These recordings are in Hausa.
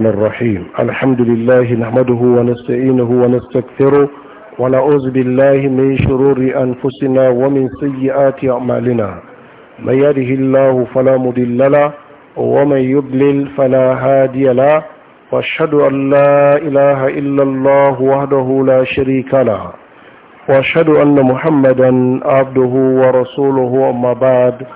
الرحيم الحمد لله نحمده ونستعينه ونستكثره ونعوذ بالله من شرور أنفسنا ومن سيئات أعمالنا من يده الله فلا مضل له ومن يضلل فلا هادي له واشهد أن لا إله إلا الله وحده لا شريك له واشهد أن محمدا عبده ورسوله أما بعد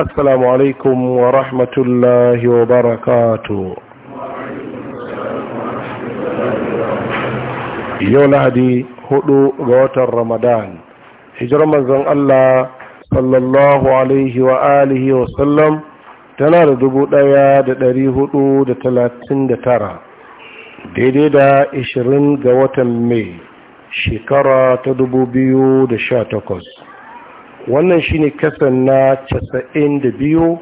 السلام عليكم ورحمة الله وبركاته yau lahadi hudu ga watan ramadan hijirar manzon Allah sallallahu alaihi wa alihi wa sallam tana da dubu daya da dari hudu da talatin da tara daidai da ishirin ga watan mai shekara ta dubu biyu da sha takwas wannan shine kasan na casa'in da biyu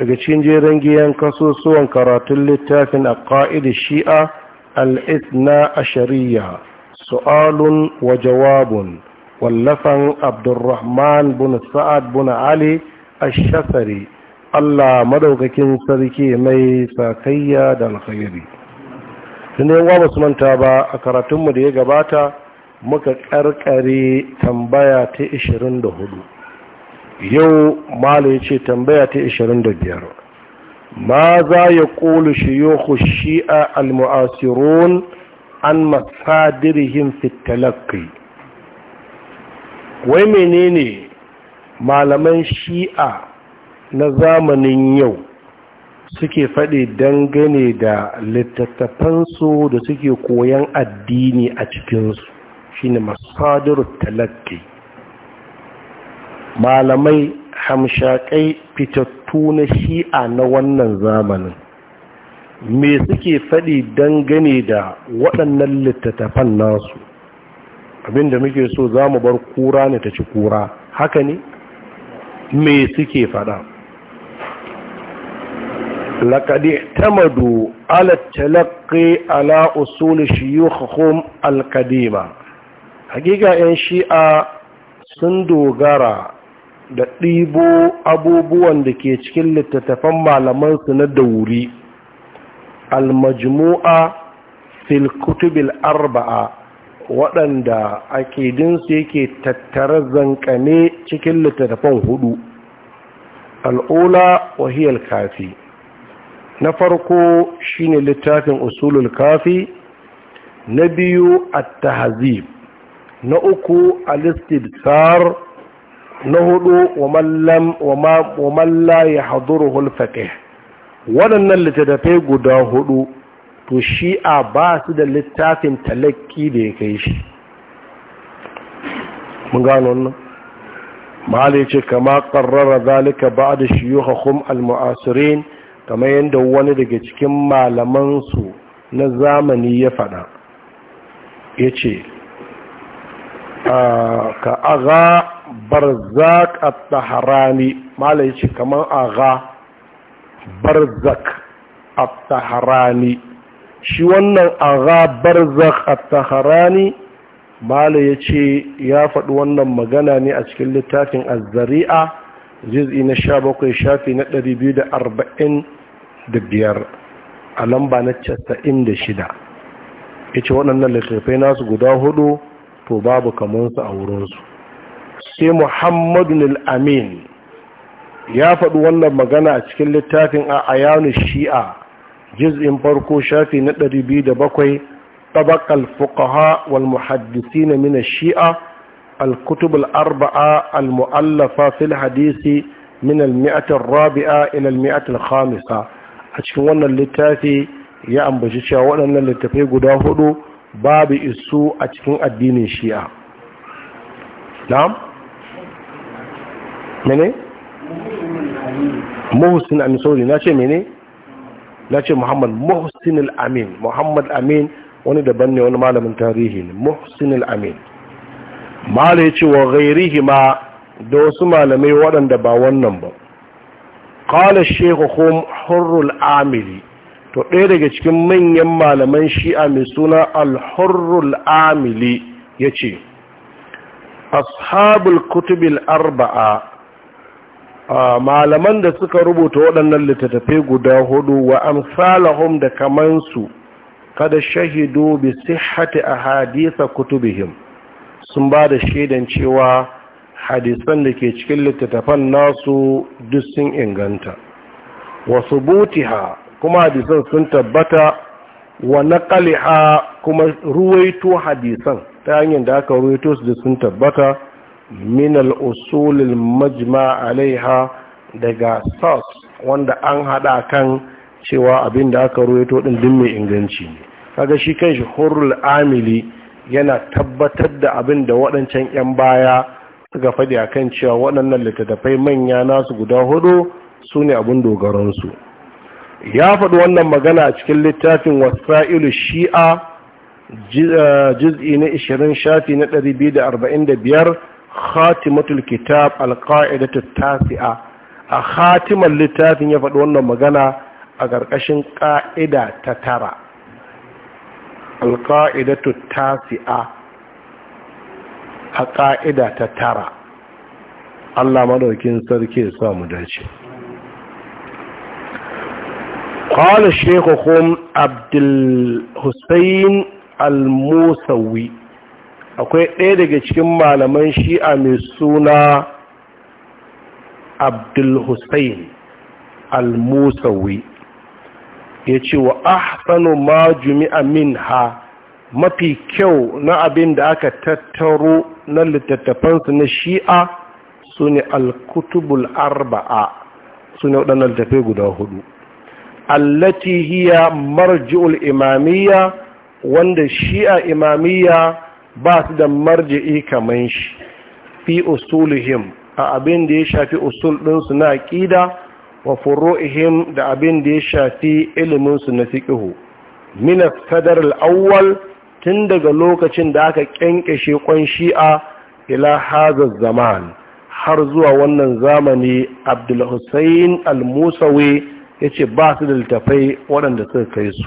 daga cikin jiragen giyan kasusuwan karatun littafin a ƙa'idar shi'a al'ithna ashariya su'alun wa jawabun wallafan abdurrahman bin sa'ad bin ali ashasari allah maɗaukakin sarki mai sakayya da alkhairi tunan wa basu manta ba a karatunmu da ya gabata muka karkare tambaya ta 24 yau mala ya ce tambaya ta biyar. ma za ya ƙolu shiyuhu shi'a al-mu'asirun an masadirihim fitalakki wai menene malaman shi'a na zamanin yau suke faɗi dangane da littattafansu da suke koyan addini a cikinsu shine masadiru talakki malamai hamshakai fitattu na shi'a na wannan zamanin me suke faɗi dangane da waɗannan littattafan nasu abinda muke so za mu bar kura ne ta ci kura haka ne me suke faɗa laƙaɗe tamadu alattalaƙe ala usul shiyukhum alƙadima hakika 'yan shi'a sun dogara da ɗibo abubuwan da ke cikin littattafan malamansu na dauri almajmu'a fil kutubil arba'a waɗanda akidinsu yake tattara zankane cikin littattafan hudu al'ula wahiyar kafi na farko shine littafin usulul kafi na biyu a tahzib na uku a istibsar na hudu wa malla ya haduru hulfaƙe waɗannan littattafai guda hudu to shi'a ba su da littafin talakki da ya kai shi mun gano nan mahalin ce kama ƙarrara zalika ba da shiyuhahum al-mu'asirin kamar yadda wani daga cikin malamansu na zamani ya faɗa ya ce ka aga barzak at-taharani mala yace kaman aga barzak at-taharani shi wannan aga barzak at-taharani mala yace ya faɗi wannan magana ne a cikin littafin az-zari'a juz'i na 17 shafi na 245 a lamba na 96 yace waɗannan littafai nasu guda hudu to babu su a wurinsu sai muhammadun amin ya faɗi wannan magana a cikin littafin a ayanu shi'a juz'in farko shafi na 207 tabakal fuqaha wal muhaddisina min ash-shi'a al-kutub al-arba'a al-mu'allafa fil hadisi min al rabia ila al al-khamisa a cikin wannan littafi ya ambaci cewa waɗannan littafai guda hudu babu isu a cikin addinin shi'a na'am mene muhsin amin sauri na ce mene na ce muhammad muhsin al-amin muhammad amin wani daban ne wani malamin tarihi ne muhsin al-amin mala ya ce wa gairihi ma da wasu malamai waɗanda ba wannan ba ƙala shekuhun hurrul amiri to ɗaya daga cikin manyan malaman shi'a mai suna alhurrul amili ya ce ashabul kutubil arba'a malaman da suka rubuta waɗannan littattafai guda hudu wa amsalahum da kamansu kada shahidu bi sihhati kutubi kutubihim sun ba da shaidan cewa hadisan da ke cikin littattafan nasu duk sun inganta wasu butiha kuma hadisan sun tabbata wa naqaliha kuma ruwaito hadisan ta hanyar da aka ruwaito su da sun tabbata min al-usul majma alaiha daga sas wanda an hada kan cewa abin da aka ruwaito din din mai inganci ne kaga shi kanshi hurul amili yana tabbatar da abin da waɗancan 'yan baya suka faɗi akan cewa waɗannan littattafai manya nasu guda hudu su ne abin dogaransu ya faɗi wannan magana a cikin littafin wasa'ilu shi'a jiz'i eh, na 20 shafi na 245 khatimatul kitab alqa'idatu tasi'a a khatimar littafin ya faɗi wannan magana a ƙarƙashin ƙa'ida ta tara alqa'idatu tasi'a a ƙa'ida ta tara Allah madaukin sarki ya samu dace قال شيخهم عبد الحسين الموسوي akwai ɗaya daga cikin malaman shi'a mai suna abdul hussein al-musawi ya ce wa ahsanu ma jumi'a min ha mafi kyau na abin da aka tattaro na littattafansu na shi'a su ne al-kutubul arba'a su ne waɗannan littattafai guda hudu allati hiya marji'ul imamiyya wanda shi'a imamiyya ba su da marji'i kaman shi fi usulihim a abin da ya shafi usul ɗinsu na aƙida wa furu'ihim da abin da ya shafi iliminsu na fiƙihu minas sadar al'awwal tun daga lokacin da aka ƙyanƙyashe ƙwan shi'a ila hazar zaman har zuwa wannan zamani abdulhussein al-musawi ya ce ba su da littafai waɗanda suka kai su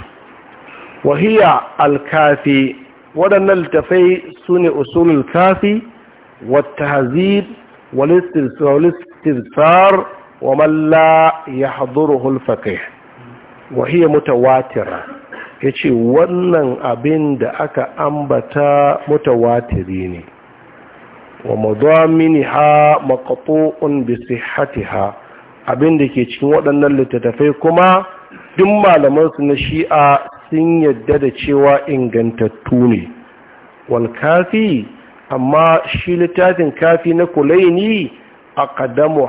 wahiya alkafi waɗannan littafai su ne usulul kafi wata hazib walistirtar wa malla ya haduru hulfakai wahiya mutawatira ya ce wannan abin da aka ambata mutawatiri ne wa mazamini ha hati ha. abin da ke cikin waɗannan littattafai kuma duk malamansu na shi'a sun yadda da cewa ingantattu ne walkafi amma shi littafin kafi na kulaini a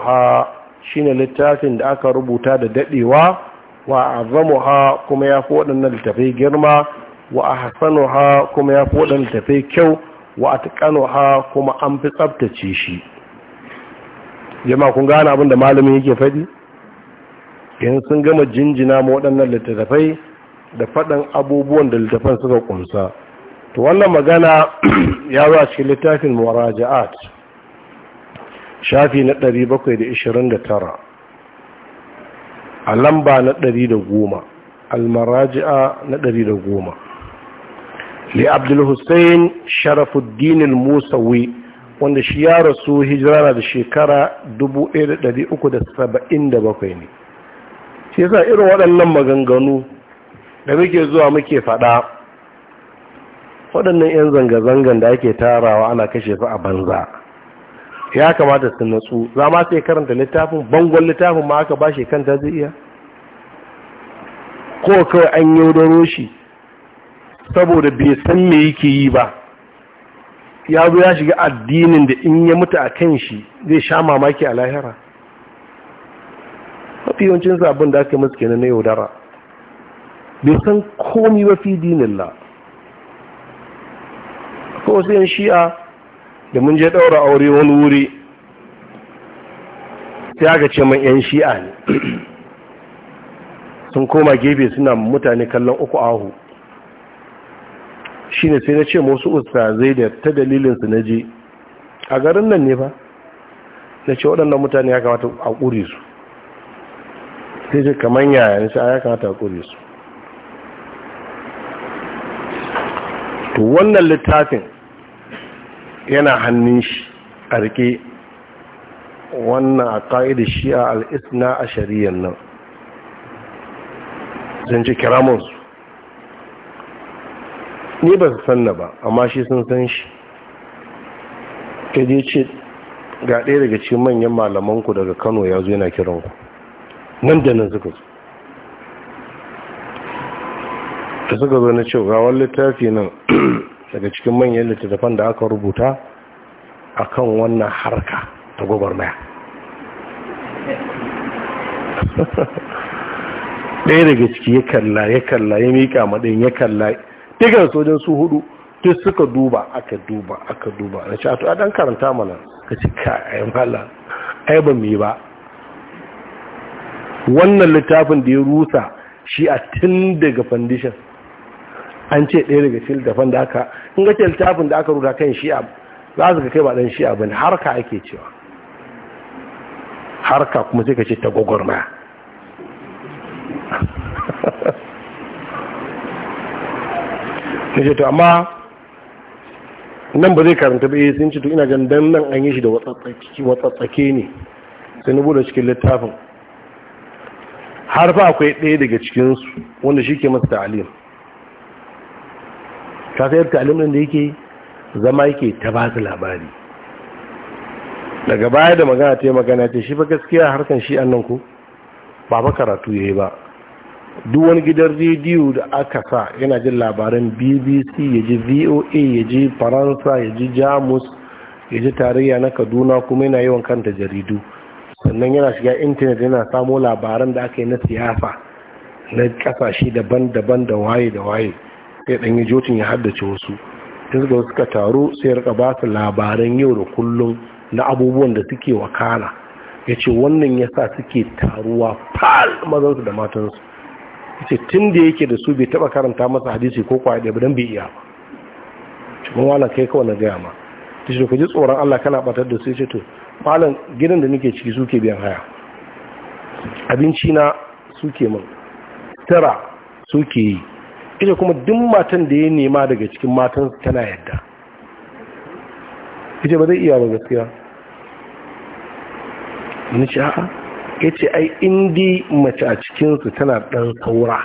ha shi ne littafin da aka rubuta da daɗewa wa ha kuma ya fi waɗannan littafai girma wa a ha kuma ya fi waɗannan littafai kyau wa a kuma an fi tsabtace shi jama'a kun gane abin da malamin yake faɗi in sun gama jinjina ma waɗannan littattafai da faɗin abubuwan da littattafan suka ƙunsa to wannan magana ya zo a cikin littafin muraja'at shafi na 729 a lamba na 110 almaraji'a na 110 li abdul hussein sharafuddin musawi wanda shi ya rasu hijira na da shekara 1377 ne shi yasa irin waɗannan maganganu da muke zuwa muke faɗa waɗannan 'yan zanga-zangan da ake tarawa ana kashe su a banza ya kamata su natsu za ma sai karanta littafin bangon littafin ma aka ba shi kanta zai iya ko kawai an yaudaro shi saboda bai san me yake yi ba ya zo ya shiga addinin da in ya mutu a kan shi zai sha mamaki a lahira mafi yawancin sabon da aka masu kenan na yaudara bai san komi ba fi dinin la ko sai yan shi'a da mun je ɗaura aure wani wuri sai aka ce man yan shi'a ne sun koma gefe suna mutane kallon uku ahu shi ne sai na ce musu ustazai da ta dalilinsu na je a garin nan ne ba na ce waɗannan mutane ya kamata a ƙure su sai ce kamar yaya na ce ya kamata a ƙure su to wannan littafin yana hannun shi a rike wannan a ƙa'idar a al'isna a shari'ar nan zan ce kiramunsu ni ba su sanna ba amma shi sun san shi kaje ce ga ɗaya daga cikin manyan malamanku daga kano ya zo yana ku nan da nan suka zo da suka zo na ce ga wani littafi nan daga cikin manyan littattafan da aka rubuta a kan wannan harka ta gwagwarmaya ɗaya daga ciki ya kalla ya kalla ya miƙa maɗin ya kalla dukan sojan su hudu duk suka duba aka duba aka duba na ce a to a dan karanta mana ka ci ka ayi mala ai ba mu yi ba wannan littafin da ya rusa shi a tun daga foundation an ce ɗaya daga cikin littafin da aka in ga ce littafin da aka ruda kan shi a, za su ga kai ba ɗan shi ba ne harka ake cewa harka kuma sai ka ce ta gwagwarmaya sai to amma nan ba zai karanta ba eh, sun ce to ina gan dan nan an yi shi da watsatsake ne sai na bude cikin littafin har fa akwai ɗaya daga cikinsu wanda shi ke masa ta'alim ka sai ta'alim din da yake zama yake ta ba su labari daga baya da magana ta yi magana ce shi fa gaskiya harkan shi annan ku ba ba karatu yayi ba duk wani gidan rediyo da aka sa yana jin labaran bbc ya ji voa ya ji faransa ya ji jamus ya ji tarayya na kaduna kuma yana yawan kanta jaridu sannan yana shiga intanet yana samo labaran da aka yi na siyasa na kasashe daban-daban da waye da waye sai ɗanyi jocin ya haddace wasu ta suka suka taru sai ya rika ba su labaran yau da kullum na abubuwan da suke wakana ya ce wannan ya sa suke taruwa fal mazansu da matansu ce tun da yake da su bai taba karanta masa hadisi ko kwaya da don bai iya cikin wala kai kawai na gaya ma ta ce ku ji tsoron allah kana batar da su ce to malam gidan da nake ciki suke biyan haya abinci na suke min tara suke yi ita kuma duk matan da ya nema daga cikin matan tana yadda ita ba zai iya ba gaskiya Wani ce a'a ya ce ai indi mace a cikinsu tana ɗan saura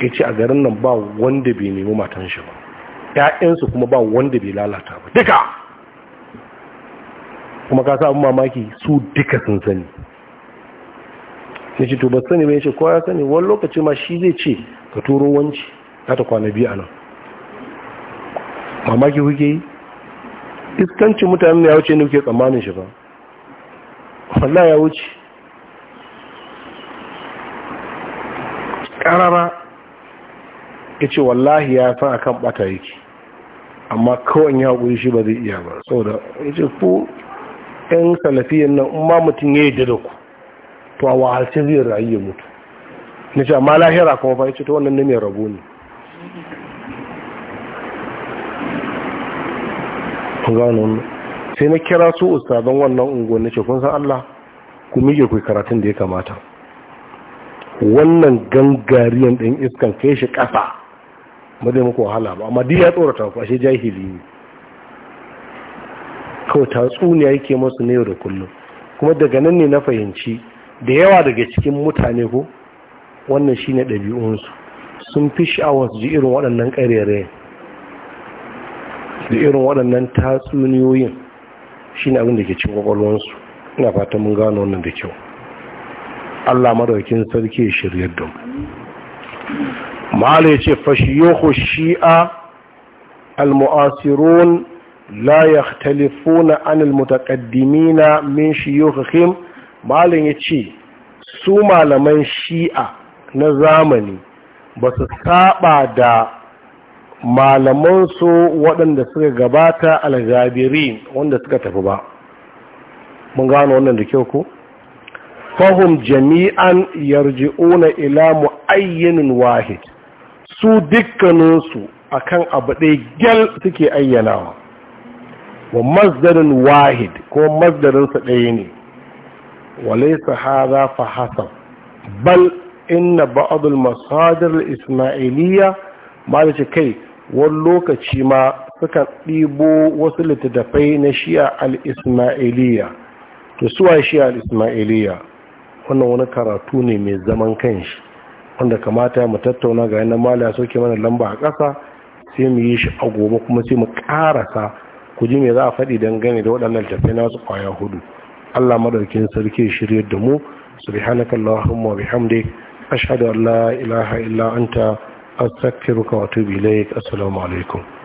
ya ce a garin nan ba wanda bai nemi matan shi ba ‘ya'yansu kuma ba wanda bai lalata ba duka kuma ka samu mamaki su duka sun sani ya ce to ba sani mai ce kowa ya sani wani lokaci ma shi zai ce ka turo wanci za ta kwana biyu a nan mamaki kuke yi iskancin mutane ya wuce ne kuke tsammanin shi ba wallah ya wuce ƙarara ya ce wallahi ya a kan bata yake amma kawai ya haƙuri shi ba zai iya ba saboda ya ce ku yan salafiyan nan ma mutum ya yi da ku to a wahalce zai rayu ya mutu na ce amma lahira kuma fa ya ce ta wannan ne mai rabo ne gano ne. sai na kira su ustazan wannan unguwanni na kun san Allah ku miƙe ku karatun da ya kamata wannan gangariyan ɗin iskan kai shi ƙasa ba zai muku wahala ba amma duk ya tsorata ku ashe jahili ne kawai tatsuniya yake masu ne da kullum kuma daga nan ne na fahimci da yawa daga cikin mutane ko wannan shine ɗabi'unsu sun fi sha'awar su ji irin waɗannan ƙarere da irin waɗannan tatsuniyoyin shine abin da ke cikin kwakwalwansu ina fata mun gano wannan da kyau Allah madaukin sarki ya shirya da mu mala ya ce fashiyohu shi'a al-mu'asirun la yakhtalifuna an al-mutaqaddimina min shi shuyukhihim ma'ala ya ce su malaman shi'a na zamani ba su saba da malamansu waɗanda suka gabata aljabirin wanda suka tafi ba mun gano wannan da kyau ko fahim jami'an yarji'una ila mu'ayyinin wahid su dukkaninsu akan abu ɗaya gyal suke ayyanawa wa mazdarin wahid ko mazdarinsa ɗaya ne walaisa haza fa hasan bal inna ba'adul masadar ismailiyya ma da ce kai wani lokaci ma sukan ɗibo wasu littattafai na shi'a al-ismailiyya to suwa shi'a al-ismailiyya wannan wani karatu ne mai zaman kanshi wanda kamata mu tattauna ga yanar mala soke mana lamba a ƙasa sai mu yi shi a gobe kuma sai mu ƙarasa ku ji me za a faɗi dangane da waɗannan littattafai wasu ƙwaya hudu Allah madaukin sarki shirya da mu subhanakallahumma wa bihamdik ashhadu an la ilaha illa anta أذكرك وأتوب إليك السلام عليكم